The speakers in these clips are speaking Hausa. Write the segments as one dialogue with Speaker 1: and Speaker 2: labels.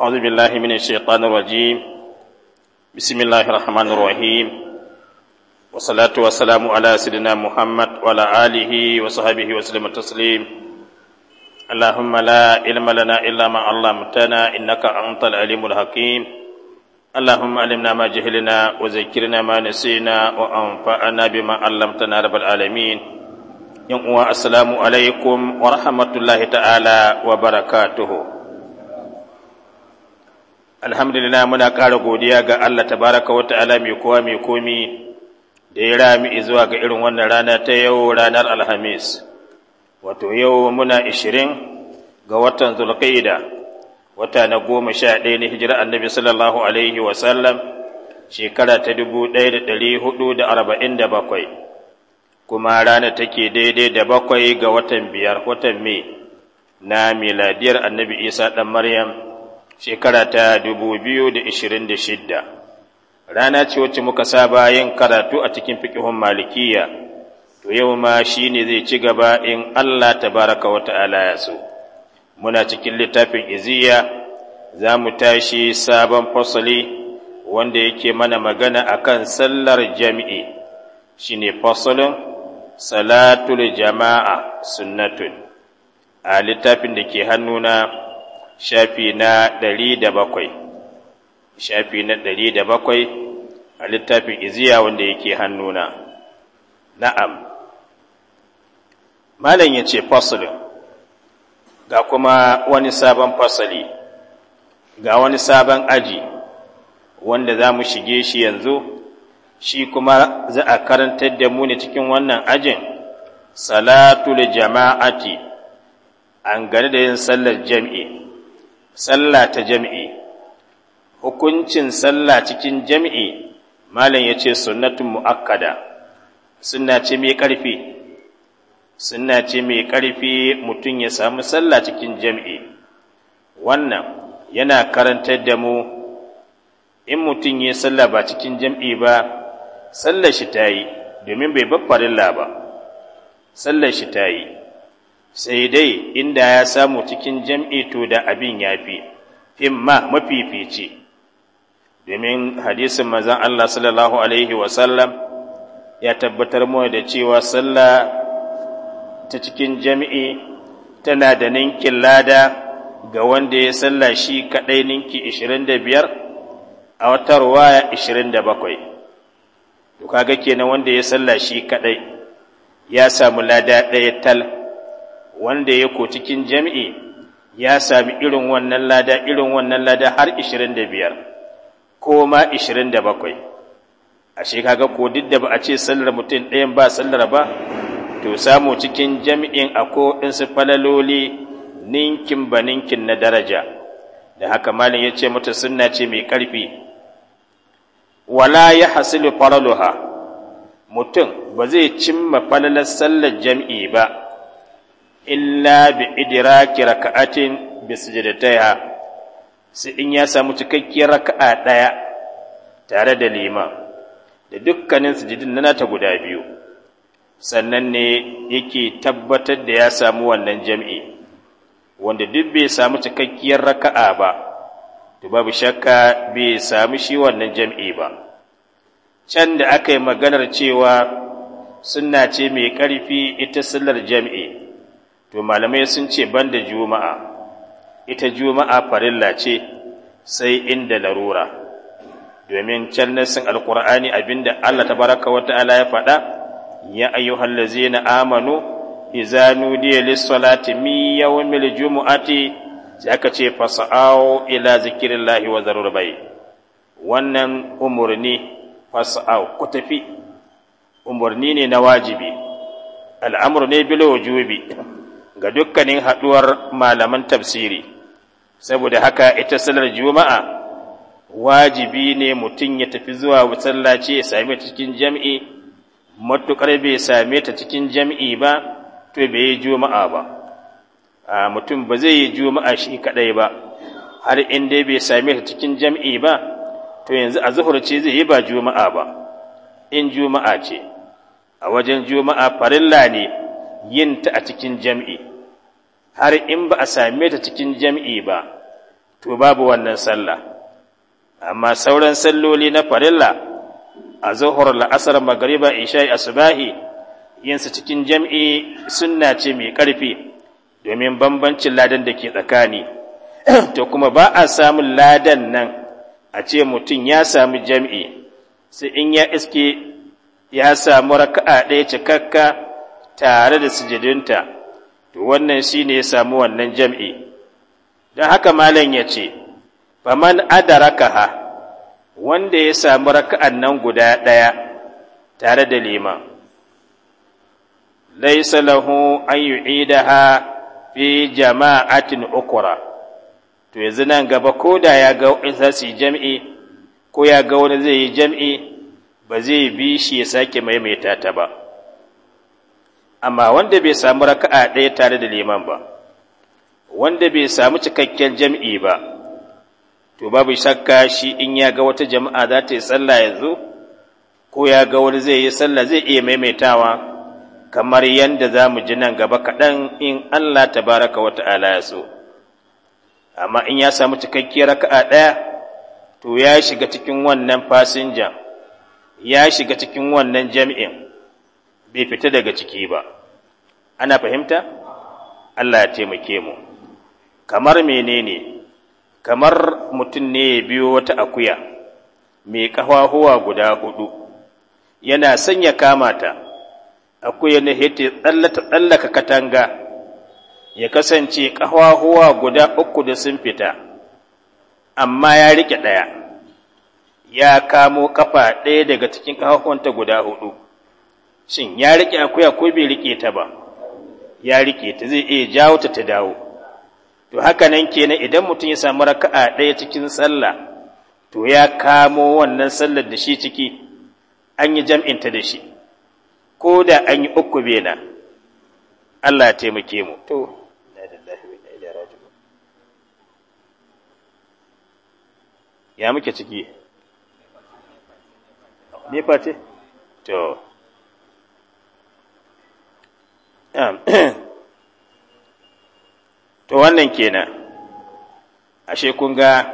Speaker 1: أعوذ بالله من الشيطان الرجيم بسم الله الرحمن الرحيم والصلاة والسلام على سيدنا محمد وعلى آله وصحبه وسلم التسليم اللهم لا علم لنا إلا ما علمتنا إنك أنت العليم الحكيم اللهم علمنا ما جهلنا وذكرنا ما نسينا وأنفعنا بما علمتنا رب العالمين يوم السلام عليكم ورحمة الله تعالى وبركاته alhamdulillah muna ƙara godiya ga Allah tabaraka wa ta'ala mai kowa mai komi da ya rami zuwa ga irin wannan rana ta yau ranar alhamis wato yau muna ishirin ga watan zulqa'ida wata na goma sha ɗaya na hijira annabi sallallahu alaihi wa sallam shekara ta dubu ɗaya da ɗari hudu da arba'in da bakwai kuma rana take daidai da bakwai ga watan biyar watan mai na miladiyar annabi isa ɗan maryam shekara ta dubu biyu da da shidda. rana ce wacce muka saba yin karatu a cikin fikihun malikiya to yau ma shi ne zai ci gaba in Allah ta wa ta'ala ya so muna cikin littafin iziya za mu tashi sabon fasali wanda yake mana magana akan sallar jami'i Shi ne fasalin salatul jama'a sunnatun a littafin da ke hannuna shafi na ɗari da bakwai shafi na ɗari da bakwai a littafin iziya wanda yake hannuna na'am malam ya ce fasalin ga kuma wani sabon fasali ga wani sabon aji wanda za mu shige shi yanzu shi kuma za a karantar da mu ne cikin wannan ajin salatul jama'ati an gani da yin sallar jam'i sallah ta jami'i. hukuncin sallah cikin jami'i. malam ya ce sunnatun mu'akkada suna ce mai ƙarfi suna ce mai ƙarfi mutum ya samu sallah cikin jami'i. wannan yana karantar da mu in mutum ya sallah ba cikin jami'i ba sallar shi ta yi domin bai bar farilla ba sallar shi ta yi sai dai inda ya samu cikin jam'i to da abin ya fi in imma mafifici domin hadisin mazan Allah sallallahu alaihi wasallam ya tabbatar mu da cewa salla ta cikin jam'i tana da ninkin lada ga wanda ya salla shi kaɗai ninki 25 a wata ruwaya 27 to kaga kenan wanda ya salla shi kaɗai ya samu lada ɗaya tal wanda ya ko cikin jam'i ya sami irin wannan lada irin wannan lada har 25 ko ma 27 ashe kaga ko duk da ba a ce sallar mutum ɗayan ba sallar ba to samu cikin jami'in a in su falaloli ninkin ba ninkin na daraja da haka malin ya ce mata suna ce mai ƙarfi wala ya hasilu faraluha mutum ba zai cimma falalar sallar jam'i ba illa bi idraki raka'atin bi sujudataiha sai in ya samu cikakkiyar raka'a daya tare da liman da dukkanin sujudin na ta guda biyu sannan ne yake tabbatar da ya samu wannan jam'i wanda duk bai samu cikakkiyar raka'a ba to babu shakka bai samu shi wannan jam'i ba can da aka yi maganar cewa sunna ce mai ƙarfi ita sallar jam'i to malamai sun ce ban da juma'a ita juma'a farilla ce sai inda larura domin can nasin alkur'ani abinda Allah ta baraka wa ta'ala ya faɗa ya ayyuhal ladzina amanu idza nudiya lis-salati min yawmil jumu'ati sai aka ce fasa'au ila zikrillahi wa zarur bai wannan umurni Fasa'u, ku tafi umurni ne na wajibi al'amru ne bil wujubi ga dukkanin haɗuwar malaman tafsiri saboda haka ita salar juma'a wajibi ne mutum ya tafi zuwa masallaci ya same ta cikin jam'i matuƙar bai same ta cikin jam'i ba to bai yi juma'a ba a mutum ba zai yi juma'a shi kaɗai ba har in dai bai same ta cikin jam'i ba to yanzu a zuhur ce zai yi ba juma'a ba in juma'a ce a wajen juma'a farilla ne yin ta a cikin jam'i har in ba a same ta cikin jam'i ba to babu wannan sallah amma sauran salloli na farilla a zuhur la'asar magariba isha'i asubahi yinsa cikin jam'i sunna ce mai ƙarfi domin bambancin ladan da ke tsakani to kuma ba a samun ladan nan a ce mutum ya samu jam'i sai in ya iske ya samu raka'a ɗaya cikakka tare da sujudinta to wannan shine ya samu wannan jam'i don haka malam ya ce faman adarakaha wanda ya samu raka'an nan guda ɗaya tare da liman laisa lahu an yu'idaha fi jama'atin ukura to yanzu nan gaba ko da ya ga za su yi jam'i ko ya ga wani zai yi jam'i ba zai bi shi ya sake maimaita ta ba amma wanda bai samu raka'a ɗaya tare da liman ba wanda bai samu cikakken jam'i ba to babu shakka shi in ya ga wata jama'a za ta yi sallah yanzu ko ya ga wani zai yi sallah zai iya maimaitawa kamar yadda za mu ji nan gaba kaɗan in Allah ta baraka wata ala ya so, amma in ya samu cikakkiyar raka'a ɗaya, to ya shiga cikin wannan fasinja ya shiga cikin wannan jam'in, bai fita daga ciki ba ana fahimta Allah ya taimake mu kamar menene kamar mutum ne ya biyo wata akuya mai kafafuwa guda hudu yana sanya kamata akuya na hete tsallata tsallaka katanga ya kasance kafafuwa guda uku da sun fita amma ya rike ɗaya ya kamo kafa ɗaya daga cikin kafafunta guda hudu shin ya riƙe akuya ko bai riƙe ta ba ya riƙe ta zai iya jawo ta ta dawo to haka nan kenan idan mutum ya samu raka'a ɗaya cikin sallah to ya kamo wannan sallar da shi ciki an yi jam'inta da shi ko da an yi uku bena Allah ya taimake mu to ya muke ciki ne ce? to to wannan kenan ashe kun ga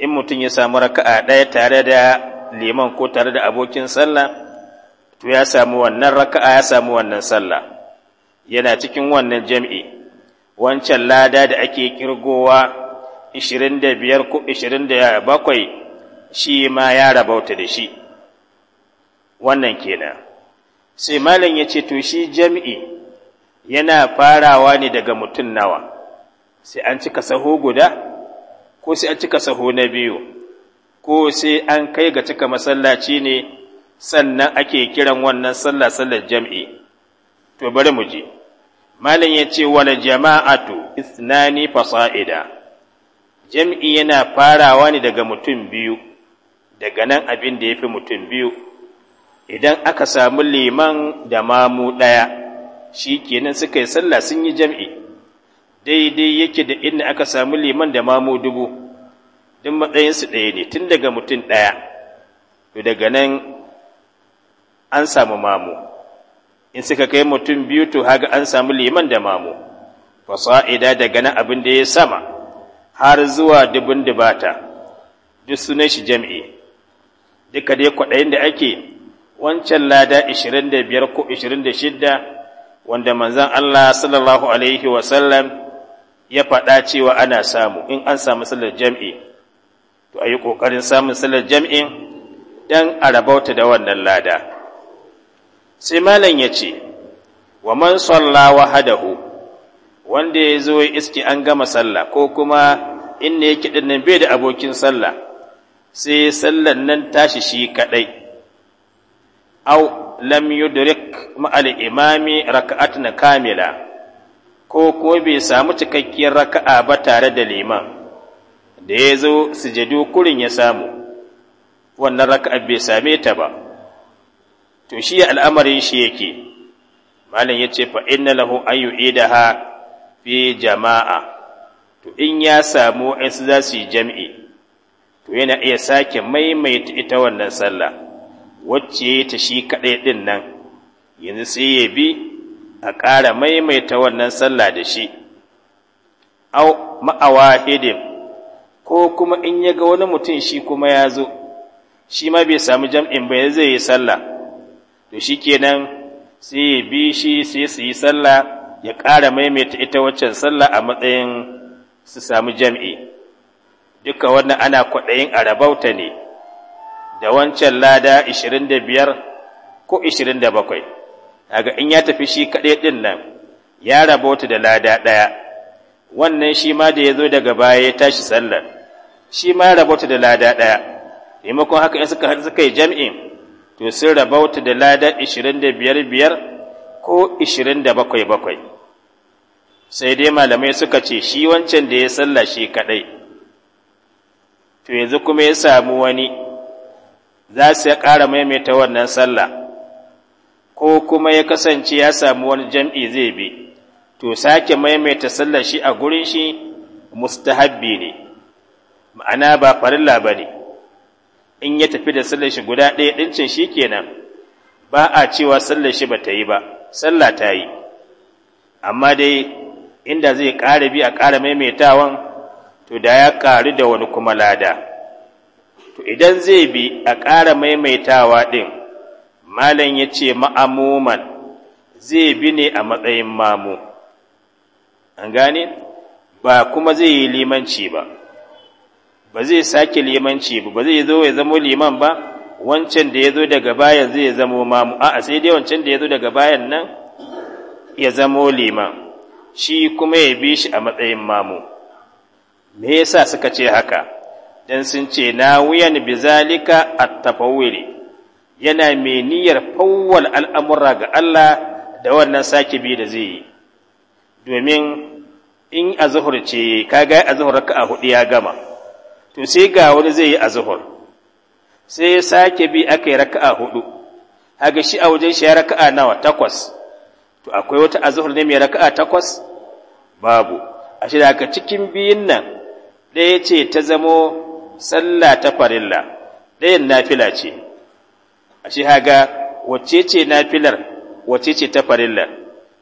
Speaker 1: in mutum ya samu raka'a ɗaya tare da liman ko tare da abokin sallah to ya samu wannan raka'a ya samu wannan sallah yana cikin wannan jam'i wancan lada da ake kirgowa 25 ko 27 shi ma ya rabauta da shi wannan kenan sai malam ya ce to shi jam'i yana farawa ne daga mutum nawa sai an cika saho guda ko sai an cika saho na biyu ko sai an kai ga cika masallaci ne sannan ake kiran wannan sallah sallar jam'i to bari mu je malam ya ce wala jama'atu isnani fasa'ida jam'i yana farawa ne daga mutum biyu daga nan abin da ya fi mutum biyu idan aka samu liman da mamu ɗaya shi kenan suka yi sallah sun yi jam'i daidai yake da inda aka samu liman da mamu dubu duk matsayinsu ɗaya ne tun daga mutum ɗaya to daga nan an samu mamu in suka kai mutum biyu to haga an samu liman da mamu fasa'ida daga nan abin da ya sama har zuwa dubun dubata duk sunan shi jam'i duka dai kwaɗayin da ake wancan lada 25 ko 26 wanda manzan Allah sallallahu alaihi wasallam ya faɗa cewa ana samu in an samu sallar jam'i to a yi ƙoƙarin samun sallar jam'i don a rabauta da wannan lada sai malam ya ce wa man salla wahadahu wanda ya zo ya iske an gama sallah ko kuma inda yake kiɗan nan bai da abokin sallah sai sallan nan tashi shi kaɗai aw lam yudrik ma'al imami raka'atan kamila ko ko bai samu cikakkiyar raka'a ba tare da liman da ya zo sujadu kurin ya samu wannan raka'a bai same ta ba to shi al'amarin shi yake malam yace fa inna lahu an yu'idaha fi jama'a to in ya samu su za su yi jam'i to yana iya sake maimaita ita wannan sallah wacce ya ta shi kaɗai ɗin nan yanzu sai ya bi a ƙara maimaita wannan sallah da shi au ma'awa hidim ko kuma in ya ga wani mutum shi kuma ya zo shi ma bai samu jam'in ba zai yi sallah to shi kenan sai ya bi shi sai su yi sallah ya ƙara maimaita ita waccan sallah a matsayin su sami jam'i duka wannan ana kwaɗayin arabauta ne da wancan lada 25 ko 27 daga in ya tafi shi kaɗai ɗin nan ya rabota da lada ɗaya wannan shi ma da ya zo daga baya ya tashi sallar shi ma ya rabota da lada ɗaya maimakon haka in suka haɗu suka yi jam'in to sun rabota da lada 25 ko 27 bakwai sai dai malamai suka ce shi wancan da ya sallah shi kadai. to yanzu kuma ya samu wani za su ya ƙara maimaita wannan sallah ko kuma ya kasance ya samu wani jam'i zai bi to sake maimaita sallashi shi a gurin shi mustahabbi ne ma'ana ba farilla ba ne in ya tafi da sallashi shi guda ɗaya ɗincin shi kenan ba a cewa sallashi shi ba ta yi ba sallah ta yi amma dai inda zai ƙara bi a ƙara maimaitawan to da ya ƙaru da wani kuma lada to idan zai bi a ƙara maimaitawa ɗin malam ya ce ma'amuman zai bi ne a matsayin mamu an gane ba kuma zai yi limanci ba ba zai sake limanci ba ba zai zo ya zamo liman ba wancan da ya zo daga bayan zai zamo mamu a'a sai dai wancan da ya zo daga bayan nan ya zamo liman shi kuma ya bi shi a matsayin mamu me yasa suka ce haka dan sun ce na wuyan bizalika at-tafawwili yana mai niyyar fawwal al'amura ga Allah da wannan sake bi da zai domin in azhur ce kaga a zuhur ka a hudu ya gama to sai ga wani zai yi azuhur sai sake bi aka yi raka'a hudu haga shi a wajen shi raka'a nawa takwas to akwai wata a ne mai raka'a takwas babu a shi daga cikin biyun nan ɗaya ce ta zamo sallah ta farilla ɗayan nafila ce a shi haga wacce ce nafilar wacce ce ta farilla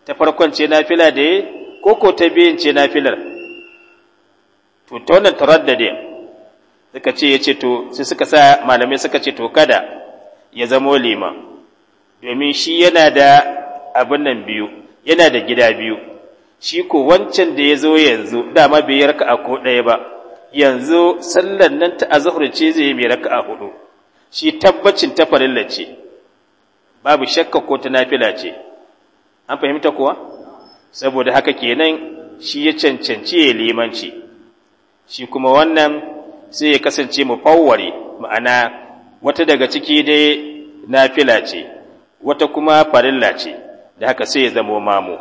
Speaker 1: ta farkon ce nafila da ya koko ta biyan ce nafilar to ta wannan taraddade suka ce ya ce to sai suka sa malamai suka ce to kada ya zamo liman domin shi yana da abin nan biyu yana da gida biyu shi ko wancan da ya zo yanzu dama bai yarka a ko ɗaya ba yanzu sallar nan ta azhar ce zai mai raka'a hudu shi tabbacin ta farilla ce babu shakka ko ta nafila ce an fahimta kuwa saboda haka kenan shi ya cancanci ya limanci shi kuma wannan sai ya kasance mu mufawwari ma'ana wata daga ciki dai nafila ce wata kuma farilla ce da haka sai ya zamo mamu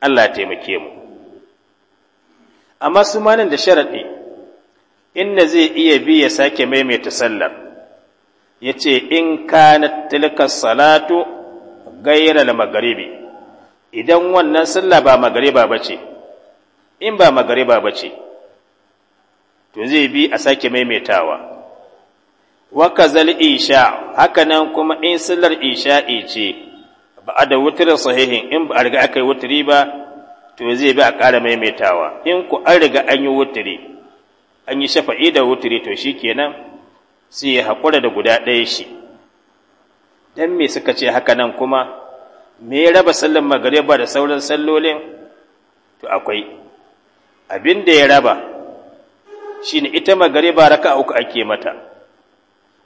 Speaker 1: Allah taimake mu amma su ma da sharaɗi inda zai iya bi ya sake maimaita sallar ya ce in kana tilka salatu gaira da magaribi idan wannan sallah ba magariba ba ce in ba magariba ba ce to zai bi a sake maimaitawa waka zal isha hakanan kuma in sallar isha'i ce ba a da wutar sahihin in ba a riga aka yi wutiri ba to zai bi a ƙara maimaitawa in ku an riga an yi wutiri an yi shafa'i da wutiri to shi kenan sai ya haƙura da guda ɗaya shi dan me suka ce haka nan kuma me ya raba sallan magariba da sauran sallolin to akwai abin da ya raba Shin ita magariba raka uku ake mata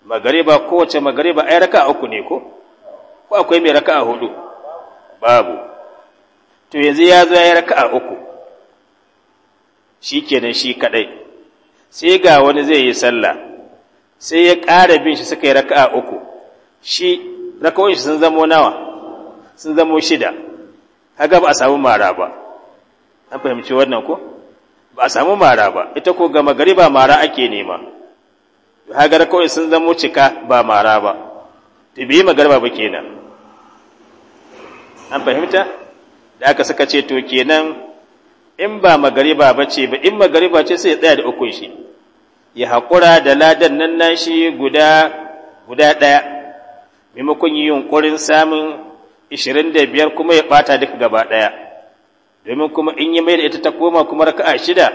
Speaker 1: magariba kowace magariba ai raka uku ne ko ko akwai mai raka hudu babu to yanzu ya zo ya yi raka'a uku shi kenan shi kaɗai sai ga wani zai yi sallah sai ya ƙara bin shi suka yi raka'a uku shi raka'o'in shi sun zamo nawa sun zamo shida haka ba a samu mara ba an fahimci wannan ko ba a samu mara ba ita ko gama gari ba mara ake nema haka kawai sun zamo cika ba mara ba ta biyi magarba ba kenan an fahimta da aka saka ce to kenan in ba magariba ba ce ba in magariba ce sai ya tsaya da ukun shi ya haƙura da ladan nan nashi guda guda ɗaya maimakon yi yunƙurin samun ishirin da biyar kuma ya ɓata duka gaba ɗaya domin kuma in yi mai da ita ta koma kuma raka'a shida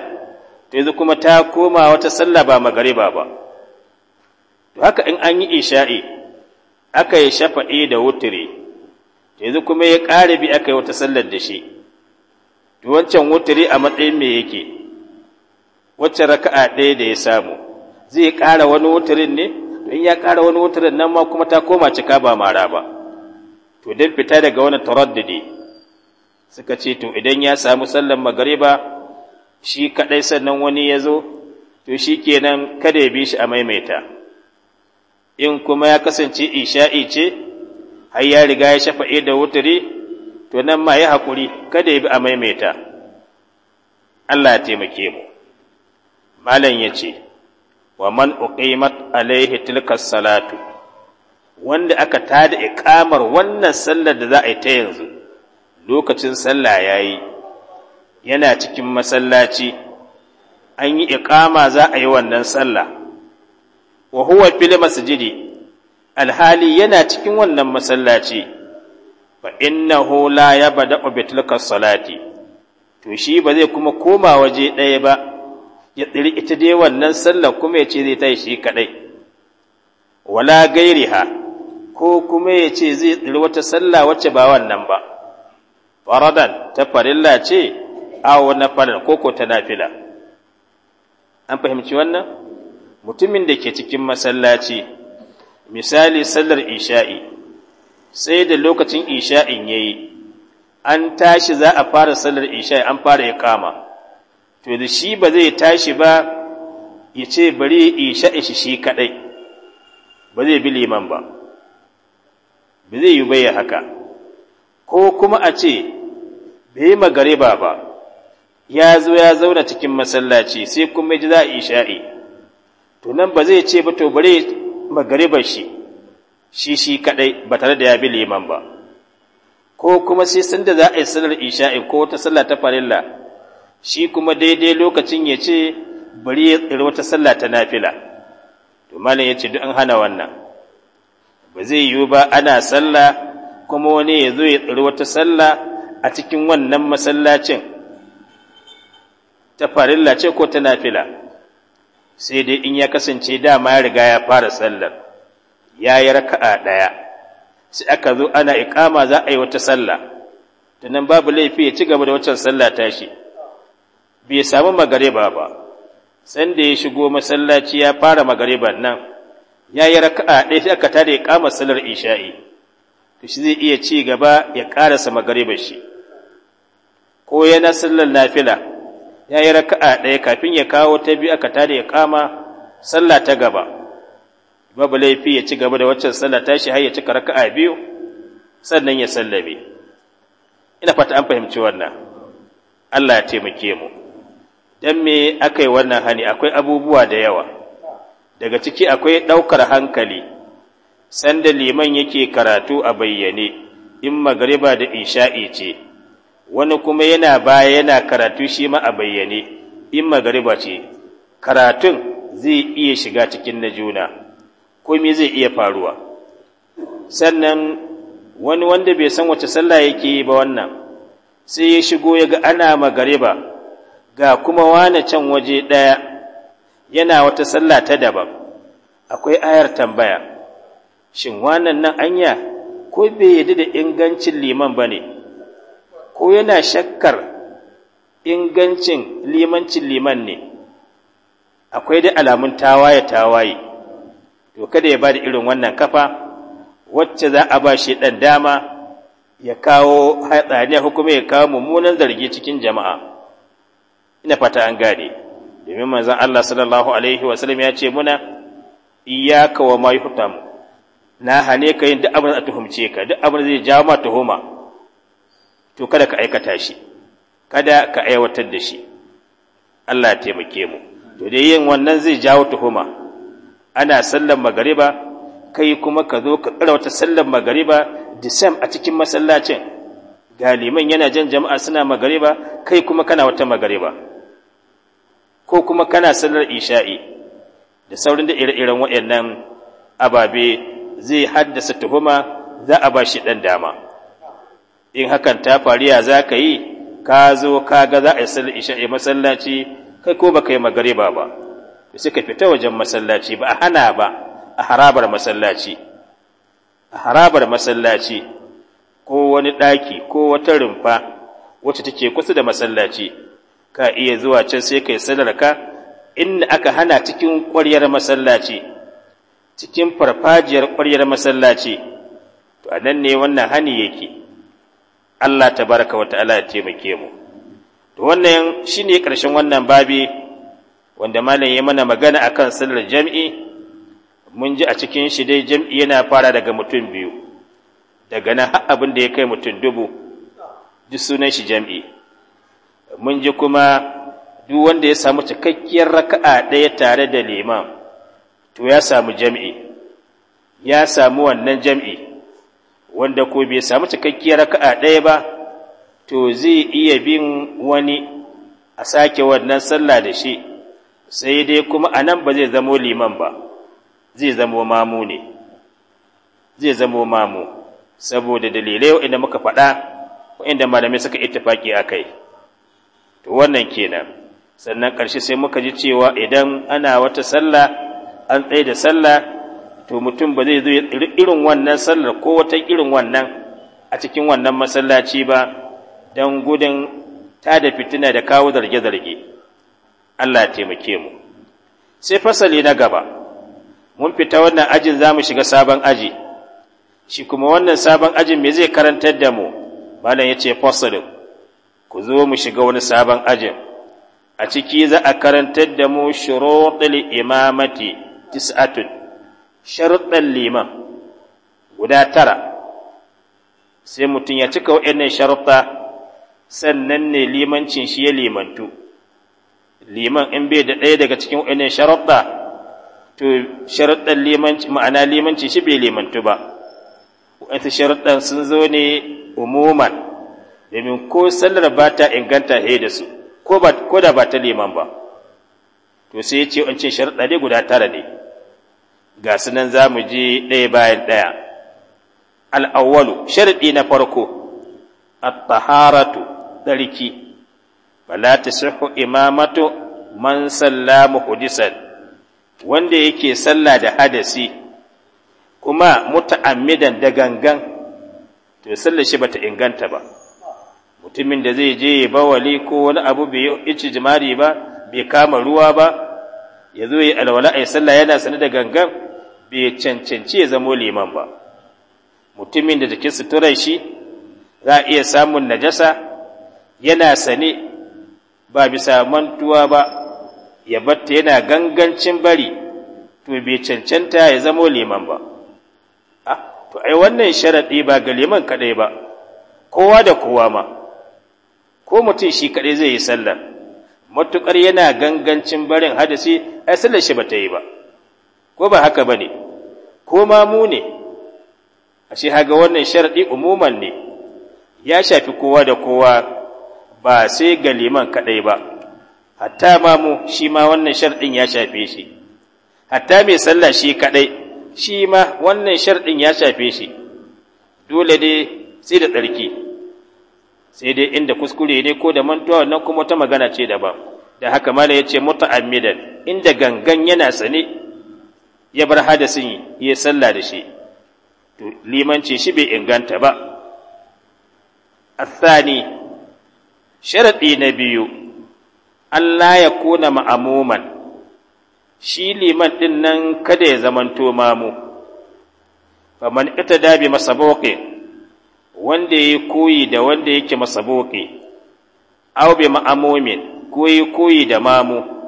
Speaker 1: to yanzu kuma ta koma wata sallah ba magariba ba to haka in an yi isha'i aka yi shafa'i da wutiri yanzu kuma ya ƙare bi aka yi wata sallar da shi wancan wuturi a matsayin me yake wacce raka'a ɗaya da ya samu zai ƙara wani wuturin ne to in ya ƙara wani wuturin nan ma kuma ta koma cika ba mara ba to don fita daga wani taraddudi suka ce to idan ya samu sallar magariba shi kaɗai sannan wani ya zo to shi kenan kada ya bi shi a maimaita in kuma ya kasance isha'i ce har ya riga ya shafa'i da wuturi to nan ma ya haƙuri kada ya bi a maimaita Allah ya taimake mu malam ya ce wa man uqimat alaihi tilka salatu wanda aka tada iqamar wannan sallar da za a yi ta yanzu lokacin sallah yayi yana cikin masallaci an yi iqama za a yi wannan sallah wa huwa fil masjidi alhali yana cikin wannan masallaci fa innahu la yabda bi tilka salati to shi ba zai kuma koma waje ɗaya ba ya tsiri ita dai wannan sallar kuma ya ce zai tayi shi kadai wala gairiha ko kuma ya ce zai tsiri wata sallah wacce ba wannan ba faradan ta farilla ce awo na ko koko ta nafila an fahimci wannan mutumin da ke cikin masallaci misali sallar isha'i sai da lokacin isha'in yayi an tashi za a fara sallar isha'i an fara ya kama to da shi ba zai tashi ba ya ce bari isha'i shi shi kaɗai ba zai bi liman ba ba zai yi bayyana haka ko kuma a ce bai magariba ba ya zo ya zauna cikin masallaci sai kuma ji za isha'i to nan ba zai ce ba to bari magaribar shi shi shi kadai ba tare da ya bi liman ba ko kuma sai sun da za a yi sallar isha'i ko wata sallah ta farilla shi kuma daidai lokacin ya ce bari ya tsiri wata sallah ta nafila to malam ya ce duk an hana wannan ba zai yiwu ba ana sallah kuma wani ya zo ya tsiri wata sallah a cikin wannan masallacin ta farilla ce ko ta nafila sai dai in ya kasance dama ya riga ya fara sallar ya yi raka'a ɗaya sai aka zo ana iƙama za a yi wata sallah ta nan babu laifi ya ci gaba da waccan sallah tashi bai samu magareba ba sanda ya shigo masallaci ya fara magariban nan ya yi raka'a ɗaya sai aka tada iƙama sallar isha'i to shi zai iya ci gaba ya ƙarasa magaribar shi ko yana sallar nafila ya yi raka'a ɗaya kafin ya kawo ta biyu aka tare ya kama sallah ta gaba babu laifi ya ci gaba da waccan sallah ta shi har ya cika raka'a biyu sannan ya sallabe ina fata an fahimci wannan Allah ya taimake mu dan me aka yi wannan hani akwai abubuwa da yawa daga ciki akwai ɗaukar hankali sanda liman yake karatu a bayyane in magariba da isha'i ce wani kuma yana baya yana karatu shi ma a bayyane in magariba ce karatun zai iya shiga cikin na juna komai zai iya faruwa sannan wani wanda bai san wace sallah yake yi ba wannan sai ya shigo ya ga ana magariba ga kuma wane can waje ɗaya yana wata sallah ta daban akwai ayar tambaya shin wannan nan anya ko bai yadda da ingancin liman ba ne ko yana shakkar ingancin limancin liman ne akwai da alamun tawaye tawaye to kada ya ba da irin wannan kafa wacce za a ba shi ɗan dama ya kawo hatsaniya a kuma ya kawo mummunan zargi cikin jama'a ina fata an gane domin manzon Allah sallallahu alaihi wa sallam ya ce muna iyyaka wa ma na hane ka yin duk abin da tuhumce ka duk abin da zai jawo ma tuhuma to kada ka aikata shi kada ka aiwatar da shi Allah ya taimake mu to dai yin wannan zai jawo tuhuma ana sallar magariba kai kuma ka zo ka tsara wata sallar magariba da same a cikin masallacin galiman yana jan jama'a suna magariba kai kuma kana wata magariba ko kuma kana sallar isha'i da saurin da ire-iren waɗannan ababe zai haddasa tuhuma za a ba shi ɗan dama in hakan ta faru ya za ka yi ka zo ka ga za a yi isha'i masallaci kai ko ba ka yi magariba ba da ka fita wajen masallaci ba a hana ba a harabar masallaci a harabar masallaci ko wani ɗaki ko wata rumfa wacce take kusa da masallaci ka iya zuwa can sai ka yi ka inda aka hana cikin ƙwaryar masallaci cikin farfajiyar ƙwaryar masallaci to a nan ne wannan hani yake Allah ta baraka wa ta'ala ya taimake mu to wannan shine karshen wannan babi wanda malam ya mana magana a kan sallar jam'i? mun ji a cikin shi dai jam'i yana fara daga mutum biyu daga na har abin da ya kai mutum dubu duk sunan shi jam'i mun ji kuma duk wanda ya samu cikakkiyar raka'a ɗaya tare da liman to ya samu jam'i ya samu wannan jam'i wanda ko bai samu cikakkiyar raka'a ɗaya ba to zai iya bin wani a sake wannan sallah da shi sai dai kuma a nan ba zai zamo liman ba zai zamo mamu ne zai zamo mamu saboda dalilai inda muka faɗa inda malamai suka ittifaki a kai to wannan kenan sannan ƙarshe sai muka ji cewa idan ana wata sallah an tsaye da sallah to mutum ba zai zo irin wannan sallar ko wata irin wannan a cikin wannan masallaci ba don gudun ta da fitina da kawo zarge-zarge Allah taimake mu sai fasali na gaba mun fita wannan ajin za mu shiga sabon aji shi kuma wannan sabon ajin me zai karantar da mu malam ya ce fasalin ku zo mu shiga wani sabon ajin a ciki za a karantar da mu shuruɗul imamati tis'atun sharuɗan liman guda tara sai mutum ya cika waɗannan sharuɗa sannan ne limancin shi ya limantu liman in bai da ɗaya daga cikin waɗannan sharuɗa to sharuɗan limanci ma'ana limanci shi bai limantu ba waɗansu sharuɗan sun zo ne umuman domin ko sallar ba ta inganta he da su ko da ba ta liman ba to sai ya ce wancin sharuɗa dai guda tara ne ga su nan za mu ji ɗaya bayan ɗaya al'awwalu sharɗi na farko a taharatu tsarki ta tasihhu imamatu man sallama hudisan wanda yake sallah da hadasi kuma muta'ammidan da gangan to sallar shi bata inganta ba mutumin da zai je bawali ko wani abu bai yi jimari ba bai kama ruwa ba ya zo yi alwala a sallah yana sane da gangan bai cancanci ya zamo liman ba mutumin da jikin suturar shi za a iya samun najasa yana sane ba bisa mantuwa ba ya batta yana gangancin bari to bai cancanta ya zamo liman ba A to ai wannan sharaɗi ba ga liman kaɗai ba kowa da kowa ma ko mutum shi kaɗai zai yi sallar matuƙar yana gangancin barin hadisi ai sallar shi ba ta yi ba ko ba haka ba ne ko ma mu ne ashe haga wannan sharaɗi umuman ne ya shafi kowa da kowa ba sai ga liman kaɗai ba hatta ma mu shi ma wannan sharɗin ya shafe shi hatta mai sallah shi kaɗai shi ma wannan sharɗin ya shafe shi dole dai sai da tsarki sai dai inda kuskure ne ko da mantuwa wannan kuma ta magana ce daban da haka mala ya ce mutu'ammidan inda gangan yana sane ya bar hadasin ya sallah da shi to limanci shi bai inganta ba athani sharadi na biyu Allah ya kona ma'amuman shi liman din nan kada ya zamanto mamu faman itada bi masaboke wanda yayi koyi da wanda yake masaboke aw bi ma'amumin koyi koyi da mamu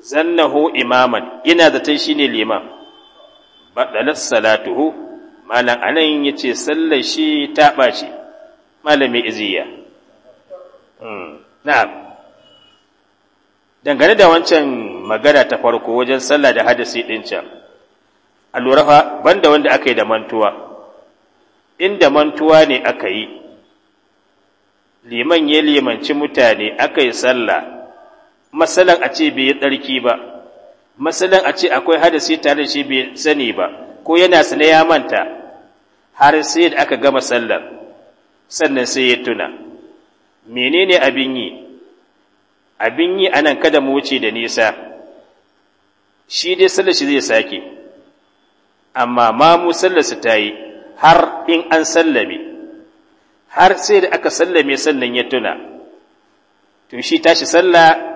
Speaker 1: zannahu imaman ina zaton shine liman badalat salatuhu malam anan yace sallar shi ta bace malami iziya hmm, na'am dangane da wancan magana ta farko wajen sallah da hadisi din can alurafa banda wanda aka yi da mantuwa inda mantuwa ne aka yi liman ya limanci mutane aka yi sallah masalan a ce bai tsarki ba masalan a ce akwai hadasi tare da shi bai sani ba ko yana sane ya manta har sai da aka gama sallar sannan sai ya tuna menene abin yi abin yi anan kada mu wuce da nisa shi dai sallar shi zai sake amma mamu sallarsa ta yi har in an sallame har sai da aka sallame sannan ya tuna to shi tashi sallah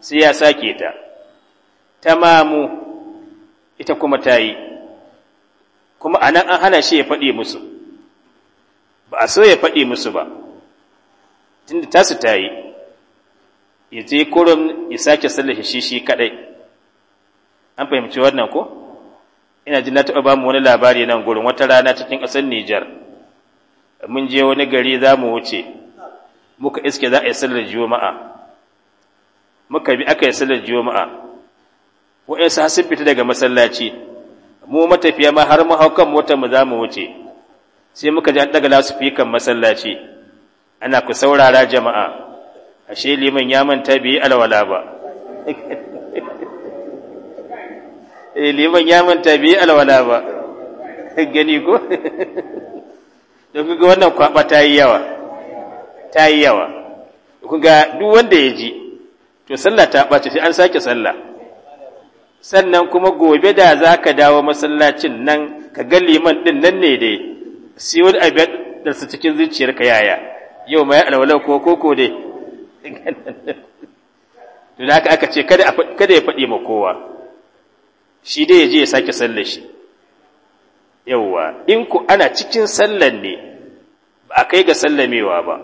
Speaker 1: sai ya sake ta tamamu ita kuma ta yi kuma a nan an hana shi ya faɗi musu ba a so ya faɗi musu ba tunda tasu ta yi ya je kurum ya sake sallar shi shi kaɗai an fahimci wannan ko ina jin na taɓa bamu wani labari nan gurin wata rana cikin ƙasar Nijar mun je wani gari za mu wuce muka iske za a yi sallar juma'a muka bi aka yi salar juma'a waɗansu har sun fita daga masallaci mu matafiya ma har mu hau kan motar mu za mu wuce sai muka ji an daga fikan masallaci ana ku saurara jama'a ashe liman ya manta bai alwala ba eh liman ya manta bi alwala ba gani ko don kuga wannan kwaba ta yi yawa ta yi yawa kuga duk wanda ya ji to sallah ta ɓace sai an sake sallah sannan kuma gobe da za ka dawo masallacin nan ka ga liman ɗin nan ne dai siwar abin da su cikin zuciyarka yaya yau mai alwala ko koko dai to da aka ce kada ya faɗi ma kowa shi dai ya je ya sake sallar shi yauwa in ku ana cikin sallar ne ba a kai ga sallamewa ba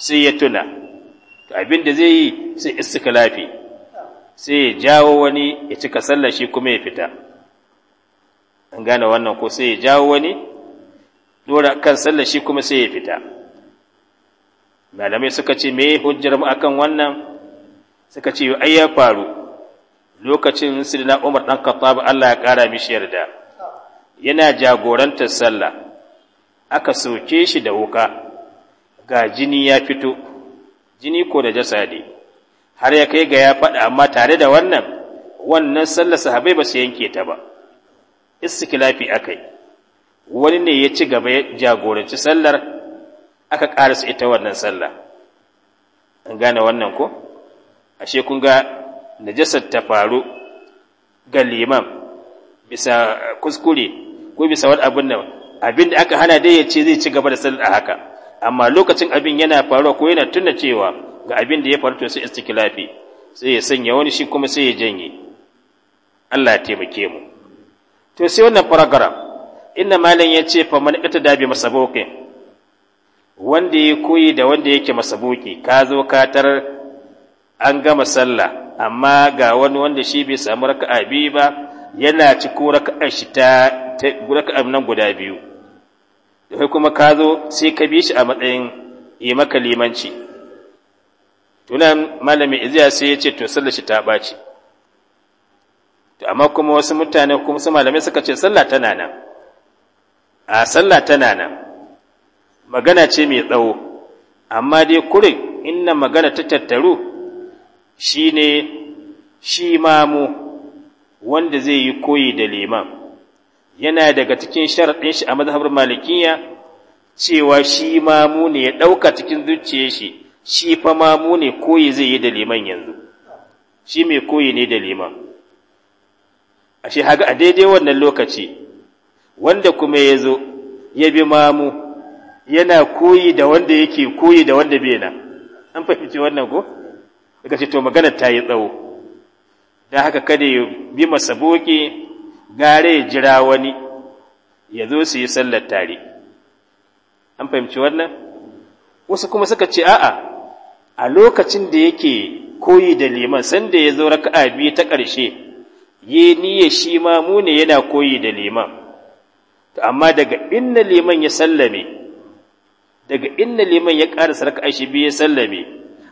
Speaker 1: sai ya tuna abin da zai yi sai istiklafi sai ya jawo wani ya cika sallar shi kuma ya fita an gane wannan ko sai ya jawo wani dora kan sallar shi kuma sai ya fita malamai suka ce me hujjar mu akan wannan suka ce ai ya faru lokacin sidina Umar dan Khattab Allah ya kara mishi yarda yana jagorantar sallah aka soke shi da wuka ga jini ya fito jini ko da jasa ne har ya kai ga ya faɗa amma tare da wannan wannan sallar sahabai ba su yanke ta ba istiklafi akai wani ne ya ci gaba ya jagoranci sallar aka karasa ita wannan sallar an gane wannan ko ashe kun ga najasar ta faru ga liman bisa kuskure ko bisa wani abin da abin da aka hana dai ya ce zai ci gaba da sallar a haka amma lokacin abin yana faruwa ko yana tuna cewa ga abin da ya faru to sai istiklafi sai ya sanya wani shi kuma sai ya janye Allah ya taimake mu to sai wannan paragraph inna malam ya ce fa man ita dabi masaboke wanda ya koyi da wanda yake masabuki ka zo ka tar an gama sallah amma ga wani wanda shi bai samu raka'a biyu ba yana ci ko raka'a shi ta raka'a nan guda biyu da kuma ka zo sai ka bi shi a matsayin yi maka limanci tunan malami iziya sai ya ce to sallar shi ta ɓaci to amma kuma wasu mutane kuma su malamai suka ce sallah tana nan a sallah tana nan magana ce mai tsawo amma dai kurin inna magana ta tattaru shine shi mamu wanda zai yi koyi da liman yana daga cikin sharaɗin shi a mazhabar malikiya cewa shi mamu ne ya ɗauka cikin zuciyar shi shi fa mamu ne koyi zai yi da liman yanzu shi mai koyi ne da liman ashe haga a daidai wannan lokaci wanda kuma ya zo ya bi mamu yana koyi da wanda yake koyi da wanda bai na. an fahimci wannan ko daga ce to magana ta yi tsawo don haka kada ya bi masa boke gare ya jira wani ya zo su yi sallar tare an fahimci wannan wasu kuma suka ce a'a a lokacin da yake koyi da liman sanda ya zo raka'a biyu ta ƙarshe ye niyya shi ma mu ne yana koyi da liman to amma daga inna liman ya sallame daga inna liman ya ƙarasa raka'a shi biyu ya sallame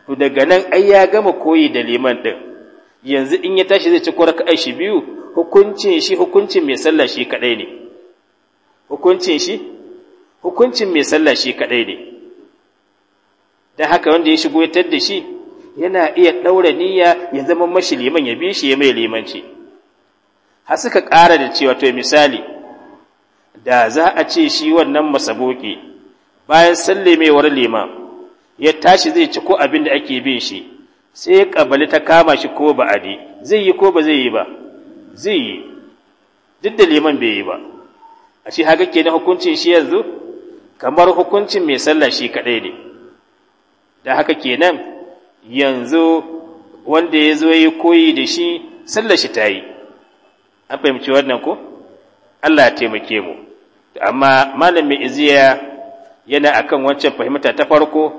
Speaker 1: to daga nan ai ya gama koyi da liman ɗin, yanzu in ya tashi zai ci ko raka'a shi biyu hukuncin shi hukuncin mai sallah shi kadai ne hukuncin shi hukuncin mai sallah shi kadai ne dan haka wanda ya shigo ya da shi yana iya daura niyya ya zama mashi liman ya bi shi ya mai limanci har suka ƙara da cewa to misali da za a ce shi wannan masaboki bayan sallamewar liman ya tashi zai ci ko abin da ake bin shi sai ya kabali ta kama shi ko ba'adi zai yi ko ba zai yi ba zai yi duk da liman bai yi ba a shi haka ke na hukuncin shi yanzu kamar hukuncin mai sallah shi kaɗai ne da haka kenan yanzu wanda ya zo yi koyi da shi sallah shi ta yi an fahimci wannan ko Allah ya taimake mu amma malamin mai iziya yana akan wancan fahimta ta farko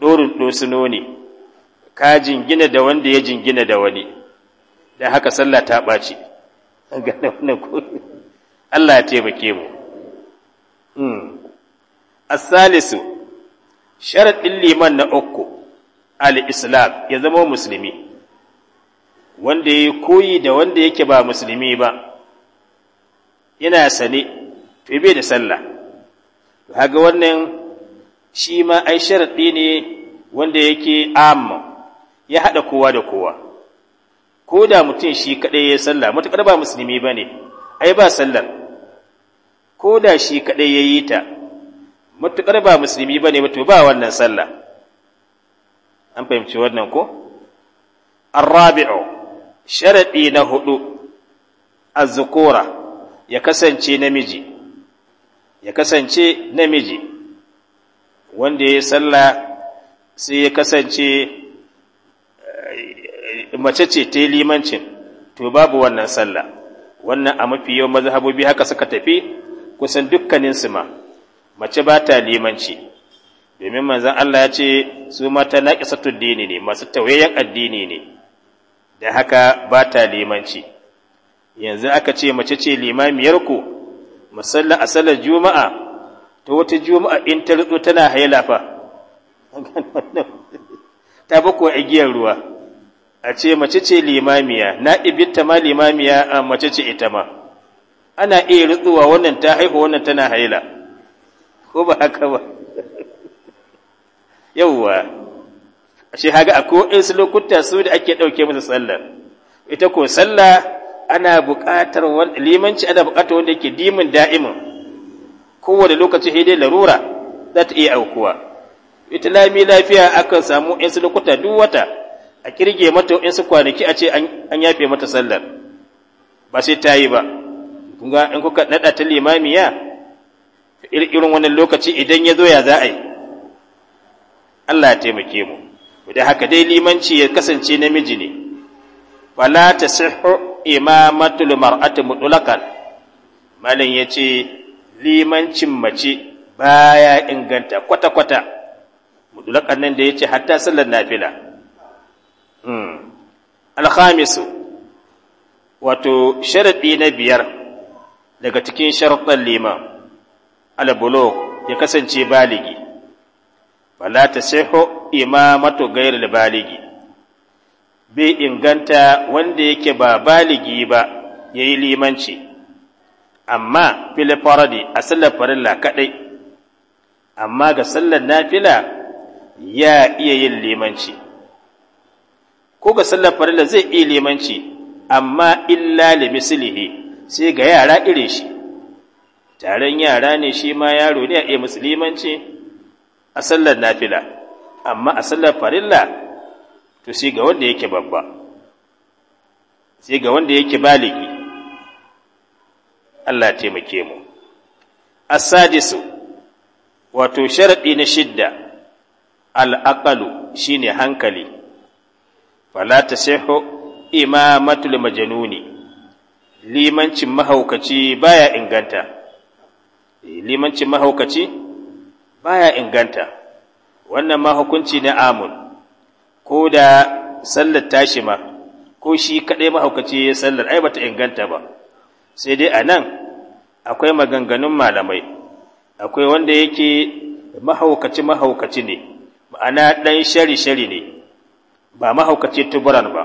Speaker 1: ɗorin ɗosino ne ka jingina da wanda ya jingina da wani da haka sallah ta ɓaci Allah ya taimake mu hmm. asalisu sharaɗin liman na uku al-islam ya zama musulmi wanda ya koyi da wanda yake ba musulmi ba yana sane to bai da sallah haga wannan shi ma ai sharaɗi ne wanda yake amma ya haɗa kowa da kowa ko da mutum shi kaɗai ya sallah matuƙar ba musulmi ba ne ai ba sallar ko da shi kaɗai ya yi ta matuƙar ba musulmi ba ne to ba wannan sallah an fahimci wannan ko arrabi'u sharaɗi na hudu azzukura ya kasance namiji ya kasance namiji wanda ya yi sallah sai ya kasance eh, mace ce ta yi limancin to babu wannan sallah wannan a mafi yawan mazhabobi haka suka tafi kusan dukkanin su ma mace ba ta limanci domin manzon Allah ya ce su mata naqisatu dini ne masu tawayen addini ne da haka ba ta limanci yanzu aka ce mace ce limamiyar ku musalla a sallar juma'a ta wata juma'a in ta rutsu tana haila fa ta bako igiyar ruwa a ce mace ce limamiya Na na'ibinta ma limamiya a mace ce ita ma ana iya rutsuwa wannan ta haihu wannan tana haila ko ba haka ba a ce haga a ko in su lokuta su da ake ɗauke musu sallar ita ko sallah ana buƙatar limanci ana buƙatar wanda yake dimin da'imin kowane lokaci sai larura za ta iya aukuwa ita lami lafiya akan samu in su lokuta duk wata a kirge mata in su kwanaki a ce an yafe mata sallar ba sai ta yi ba kunga in kuka nada ta limamiya irin wannan lokaci idan ya zo ya za a yi Allah ya taimake mu da haka dai limanci ya kasance namiji ne wala tasihhu imamatul mar'ati mutlaqan malin yace limancin mace baya inganta kwata kwata mutlaqan nan da yace hatta sallar nafila Hmm. alhamisu wato sharaɗi na biyar daga cikin sharaɗin liman albulo ya kasance baligi wala ta seho imamatu gairil baligi bai inganta wanda yake ba baligi ba ya yi limanci amma filifaradi a sallar farilla kaɗai amma ga sallar nafila ya iya yin limanci ko ga sallar farilla zai iya limanci amma illa li mislihi sai ga yara irin shi taron yara ne shi ma yaro ne a iya musulmanci a sallar nafila amma a sallar farilla to sai ga wanda yake babba sai ga wanda yake baligi Allah taimake mu asadisu wato sharadi na shidda al-aƙalu al-aqalu shine hankali fala tasihu imamatul majnuni limancin mahaukaci baya inganta eh, limancin mahaukaci baya inganta wannan ma hukunci na amun ko da sallar tashi ma ko shi kaɗai mahaukaci ya sallar ai bata inganta ba sai dai a nan akwai maganganun malamai akwai wanda yake mahaukaci mahaukaci ne ma'ana ɗan shari-shari ne ba mahaukaci tuburan ba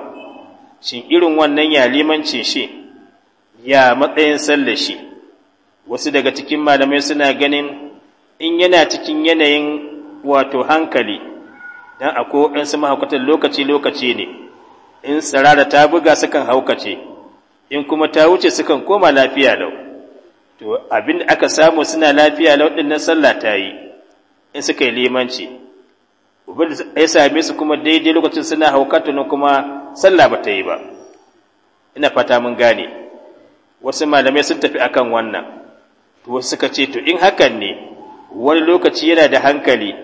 Speaker 1: shin irin wannan ya limanci shi ya matsayin sallar shi wasu daga cikin malamai suna ganin in yana cikin yanayin wato hankali dan akwai waɗansu mahaukatan lokaci-lokaci ne in tsirara ta buga sukan haukace in kuma ta wuce sukan koma lafiya lau to abin da aka samu suna lafiya lau ɗin nan sallah ta yi in suka yi limanci abin da ya same su kuma daidai lokacin suna haukatu na kuma sallah ba ta yi ba ina fata mun gane wasu malamai sun tafi akan wannan to wasu suka ce to in hakan ne wani lokaci yana da hankali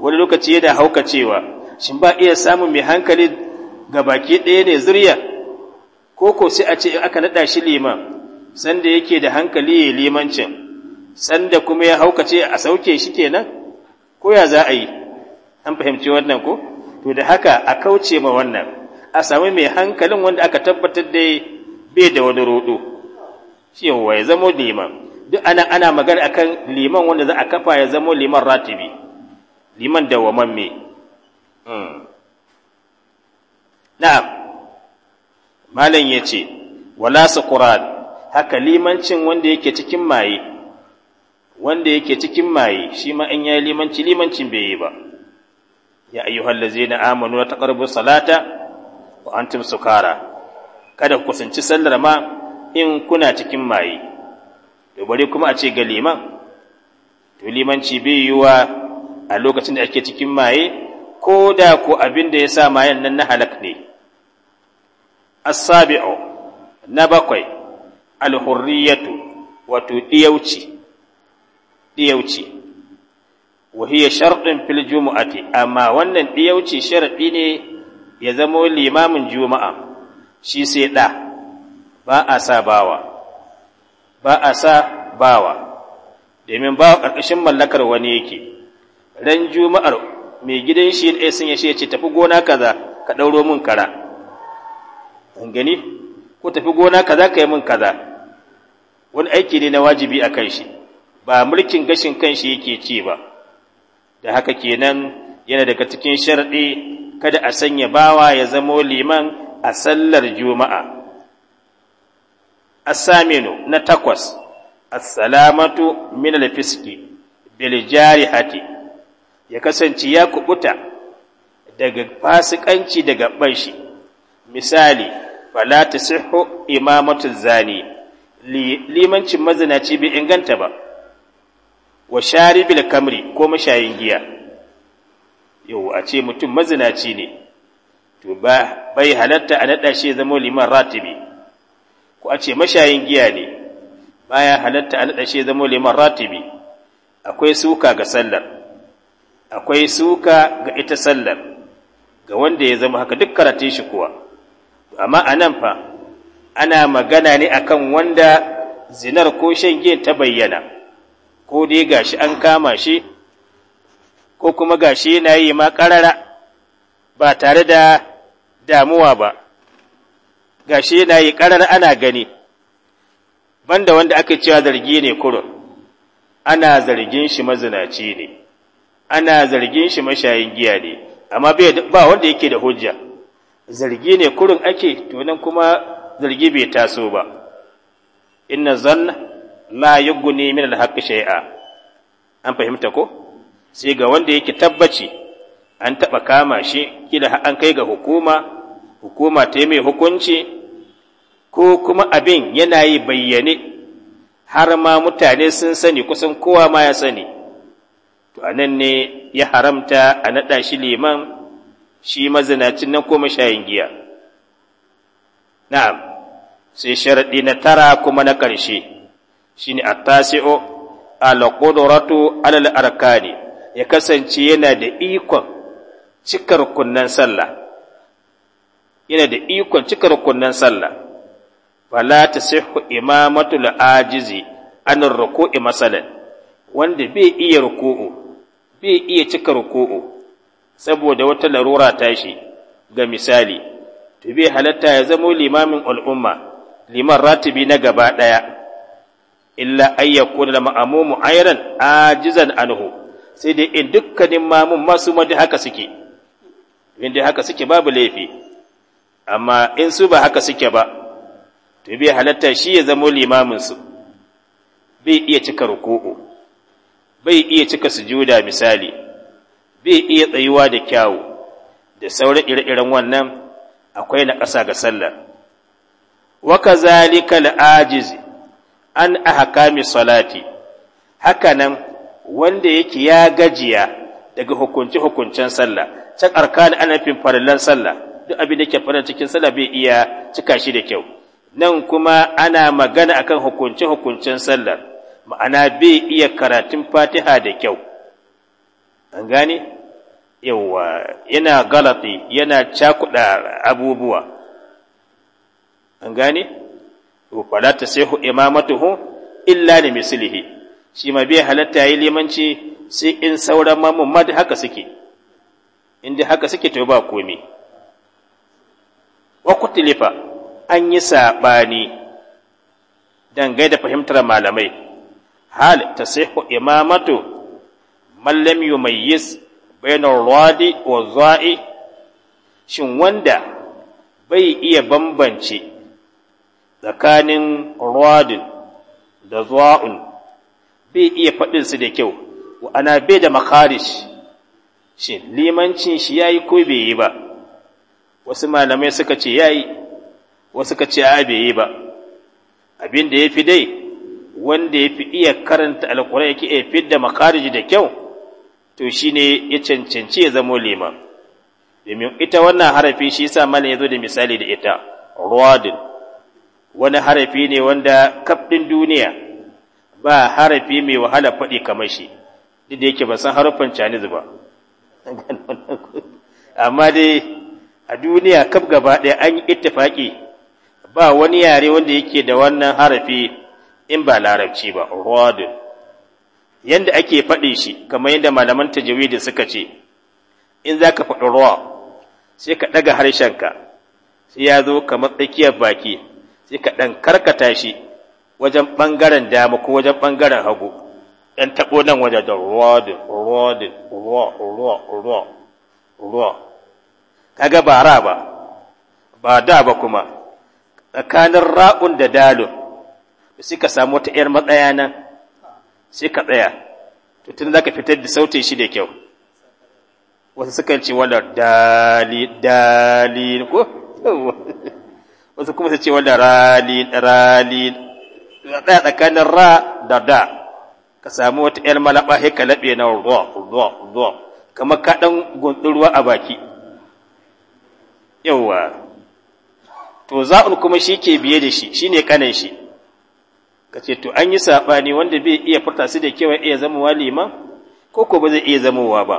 Speaker 1: wani lokaci yana haukacewa shin ba iya samun mai hankali ga baki ɗaya ne zuriya ko ko sai a ce in aka naɗa shi liman sanda yake da hankali ya limancin sanda kuma ya haukace a sauke shi kenan ko ya za a yi an fahimci wannan ko to da haka a kauce ma wannan a sami mai hankalin wanda aka tabbatar da bai da wani rodo yawa ya zamo liman duk ana ana magana akan liman wanda za a kafa ya zamo liman ratibi liman dawwamamme hmm. na'am malam yace wala ƙuran haka limancin wanda yake cikin maye wanda yake cikin maye shi ma an yayi limanci limancin bai yi ba ya ayyuhal ladzina amanu taqrabu salata wa antum sukara kada ku kusanci sallar ma in kuna cikin maye to bari kuma a ce ga liman to limanci bai yiwa a lokacin da ake cikin maye ko da ko abin da ya sa mayan nan na halak ne as-sabi'u na bakwai al-hurriyatu wato diyauci diyauci wahiya sharɗin fil jumu'ati amma wannan ɗiyauci sharaɗi ne ya zamo limamin juma'a shi sai ɗa ba a sa bawa ba a sa bawa domin bawa ƙarƙashin mallakar wani yake ran juma'ar mai gidan shi ɗaya sun yashe ce tafi gona kaza ka ɗauro min kara an gani ko tafi gona kaza ka yi min kaza wani aiki ne na wajibi a kan shi ba mulkin gashin kan shi yake ci ba da haka kenan yana daga cikin sharɗi kada a sanya bawa ya zamo liman a sallar juma'a asaminu na takwas assalamatu min alfiski bil jarihati ya kasance ya kubuta daga fasikanci daga ɓanshi misali fala tasihhu imamatu zani limancin mazinaci bai inganta ba wa sharibil kamri ko mashayin giya yau a ce mutum mazinaci ne to ba bai halatta a naɗa shi zama liman ratibi ko a ce mashayin giya ne baya halatta a naɗa shi zama liman ratibi akwai suka ga sallar akwai suka ga ita sallar ga wanda ya zama haka duk karatun shi kuwa amma a nan fa ana magana ne akan wanda zinar ko shan giyan ta bayyana ko dai gashi an kama shi ko kuma gashi yana yi ma ƙarara ba tare da damuwa ba gashi yana yi ƙarara ana gani banda wanda aka cewa zargi ne kurun ana zargin shi mazinaci ne ana zargin shi mashayin giya ne amma ba wanda yake da hujja zargi ne kurun ake to nan kuma zargi bai taso ba inna zanna ma yughni min al-haqqi shay'a an fahimta ko sai ga wanda yake tabbaci an taba kama shi kila an kai ga hukuma hukuma ta yi mai hukunci ko kuma abin yana yi bayyane har ma mutane sun sani kusan kowa ma ya sani to anan ne ya haramta a naɗa shi liman shi mazinacin nan ko mashayin giya na'am sai sharaɗi na tara kuma na ƙarshe shine attasi'u al-qudratu 'ala al-arkani ya kasance yana da ikon cikar kunnan sallah yana da ikon cikar kunnan sallah fala tasihhu imamatul ajizi an ruku'i masalan wanda bai iya ruku'u bai iya cika ruku'u saboda wata larura tashi ga misali to bai halatta ya zamo limamin al'umma liman ratibi na gaba daya illa ay yakuna al ma'mumu ayran ajizan anhu sai dai in dukkanin mamun masu ma haka suke in dai haka suke babu laifi amma in su ba haka suke ba to bi halatta shi ya zamo limamin su bai iya cika ruku'u bai iya cika sujuda misali bai iya tsayuwa da kyawu da sauran ire-iren wannan akwai na ƙasa ga sallah. wa kazalika al-ajizi an ahkami salati hakanan wanda yake ya gajiya daga hukunci hukuncen sallah can arkani ana fin farallan sallah duk abin da ke faran cikin sallah bai iya cika shi da kyau nan kuma ana magana akan hukunce hukuncen sallah ma'ana bai iya karatun fatiha da kyau an gane yawa yana galati yana cakuɗa abubuwa an gane to fala tasihu imamatuhu illa li mislihi shi ma bai halatta yayi limanci sai in sauran mamman haka suke inda haka suke to ba komai wa kutlifa an yi saɓani dangai da fahimtar malamai hal ta sihu imamatu lam yumayyiz bainar radi wa za'i shin wanda bai iya bambance tsakanin ruwadin da zuwa'un bai iya faɗinsu da kyau wa ana bai da makarish shi limancin shi yi ko bai yi ba wasu malamai suka ce 'Ya yi.' wasu ka ce ya bai yi ba abin da ya fi dai wanda ya fi iya karanta alƙur'ani yake iya fidda makarish da kyau to shi ne ya cancanci ya zamo liman domin ita wannan harafi shi sa malam ya zo da misali da ita ruwadin wani harafi ne wanda kafɗin duniya ba harafi mai wahala faɗi kamar shi duk da yake ba san harafin chinese ba amma dai a duniya kaf gaba ɗaya an yi ittifaƙi ba wani yare wanda yake da wannan harafi in ba larabci ba rodin yanda ake faɗin shi kamar yadda malaman tajawidi suka ce in za ka faɗi ruwa sai ka ɗaga harshenka sai ya zo kamar tsakiyar baki sai ka ɗan karkata shi wajen ɓangaren dama ko wajen ɓangaren hagu ɗan taɓo nan wajen da rodin rodin ruwa ruwa ruwa kaga ba ra ba ba da ba kuma tsakanin ra'un da dalun sai ka samu wata ‘yar matsaya nan sai ka tsaya to tun za ka fitar da sautin shi da kyau wasu sukan ce wadda dali dali ko wasu kuma su ce wanda ralil da ɗaya tsakanin ra da da ka samu wata ‘yar malaba sai ka laɓe na ruwa ruwa ruwa kamar ka ɗan gundun ruwa a baki yawwa to za'ul kuma shi ke biye da shi shi ne kanan shi ka ce to an yi saɓani wanda bai iya furta su da kewa iya zamowa liman ko ko ba zai iya zamowa ba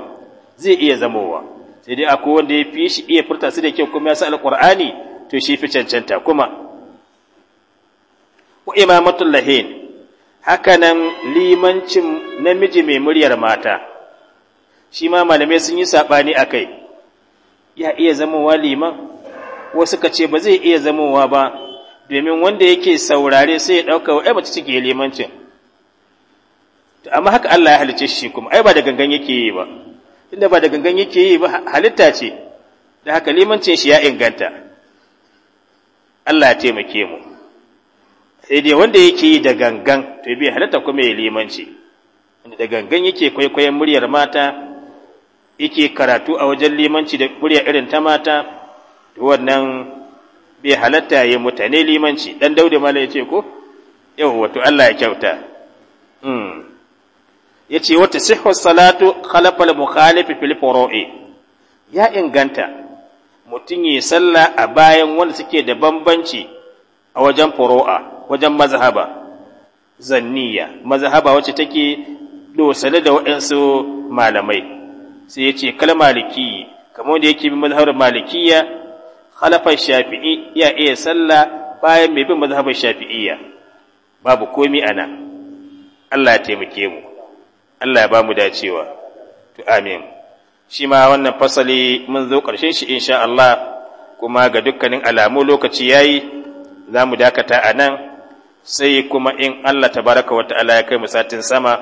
Speaker 1: zai iya zamowa sai dai akwai wanda ya fi shi iya furta su da kyau kuma ya sa alƙur'ani to shi fi cancanta kuma Ku imamatul lahin hakanan limancin namiji mai muryar mata shi ma malamai sun yi saɓani a kai ya iya zamowa liman wasu ka ce ba zai iya zamowa ba domin wanda yake saurare sai ya ɗauka wa mace cike limancin To amma haka Allah ya halice shi kuma ai ba da gangan yake yi ba tunda ba da gangan yake yi ba halitta ce da haka limancin shi ya inganta Allah ya taimake mu sai dai wanda yake yi da gangan to bai halatta kuma ya limanci da gangan yake kwaikwayon muryar mata yake karatu a wajen limanci da murya irin ta mata to wannan bai halatta ya mutane limanci dan dauda mala yace ko yau wato Allah ya kyauta mm. ya wata sihhu salatu khalafal mukhalifi fil furu'i ya inganta mutum yi sallah a bayan wanda suke da bambanci a wajen furo'a wajen mazhaba zanniya mazhaba wacce take dosale da waɗansu malamai sai ya ce kal maliki kamar wanda yake bin mazhabar malikiya halafar shafi'i ya iya sallah bayan mai bin mazhabar shafi'iyya babu komi ana Allah ya taimake mu Allah ya ba mu dacewa to amin shi ma wannan fasali mun zo ƙarshen shi insha Allah kuma ga dukkanin alamu lokaci ya yi za mu dakata a nan sai kuma in Allah Ta baraka wata ala ya kai mu satin sama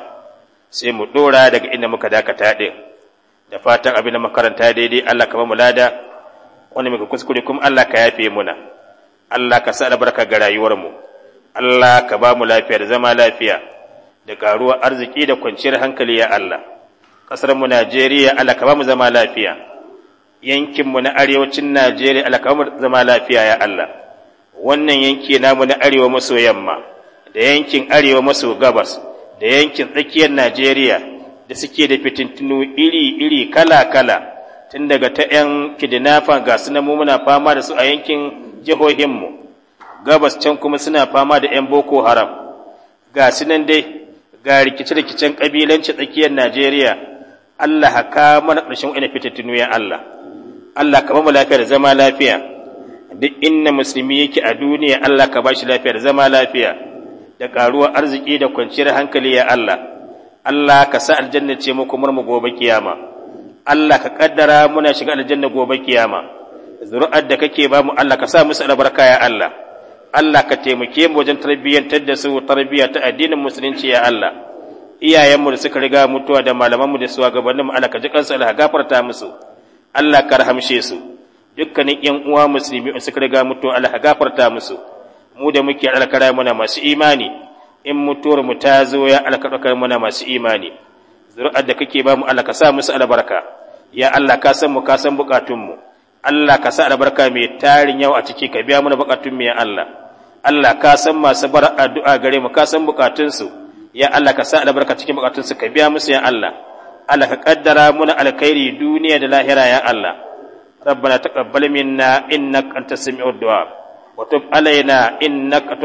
Speaker 1: sai mu ɗora daga inda muka dakata ɗin da fatan abin da makaranta daidai Allah ka ba mu lada wani muka kuskure kuma Allah ka yafe muna Allah ka sa albarka ga rayuwar mu Allah ka ba mu lafiya da zama lafiya da karuwar arziki da kwanciyar hankali ya Allah ƙasarmu Najeriya Allah ka ba mu zama lafiya yankinmu na arewacin Najeriya Allah ba mu zama lafiya ya Allah wannan yanki namu na arewa maso yamma da yankin arewa maso gabas da yankin tsakiyar Najeriya da suke da fitintunu iri-iri kala-kala tun daga ta 'yan kidnafa ga su mu muna fama da su a yankin jihohinmu gabas can kuma suna fama da 'yan boko haram ga su nan dai ga rikice-rikicen ƙabilanci tsakiyar Najeriya Allah haka mana ƙarshen wani fitattunu ya Allah Allah ka bamu lafiya da zama lafiya duk inna musulmi yake a duniya Allah ka shi lafiya da zama lafiya da ƙaruwar arziki da kwanciyar hankali ya Allah Allah ka sa aljanna ce mu kuma mu gobe kiyama Allah ka ƙaddara muna shiga aljanna gobe kiyama zuru'ar da kake ba mu Allah ka sa musu albarka ya Allah Allah ka taimake mu wajen tarbiyyantar da su tarbiyya ta addinin musulunci ya Allah iyayenmu da suka riga mutuwa da malamanmu da gabaninmu ala ka ji kansu Allah gafarta musu Allah ka rahamshe su dukkanin yan uwa musulmi da suka riga mutuwa Allah gafarta musu mu da muke alkara muna masu imani in mutuwar mu ta zo ya alkara muna masu imani zuri'ar da kake ba mu Allah ka sa musu albarka ya Allah ka san mu ka san bukatunmu Allah ka sa albarka mai tarin yawa a ciki ka biya mana bukatunmu ya Allah Allah ka san masu bar addu'a gare mu ka san bukatunsu ya Allah ka sa albarka ka biya musu ya Allah Allah kaddara mana alkhairi duniya da lahira ya Allah rabbana taqabbal minna innaka antas samiul du'a wa tub alaina innaka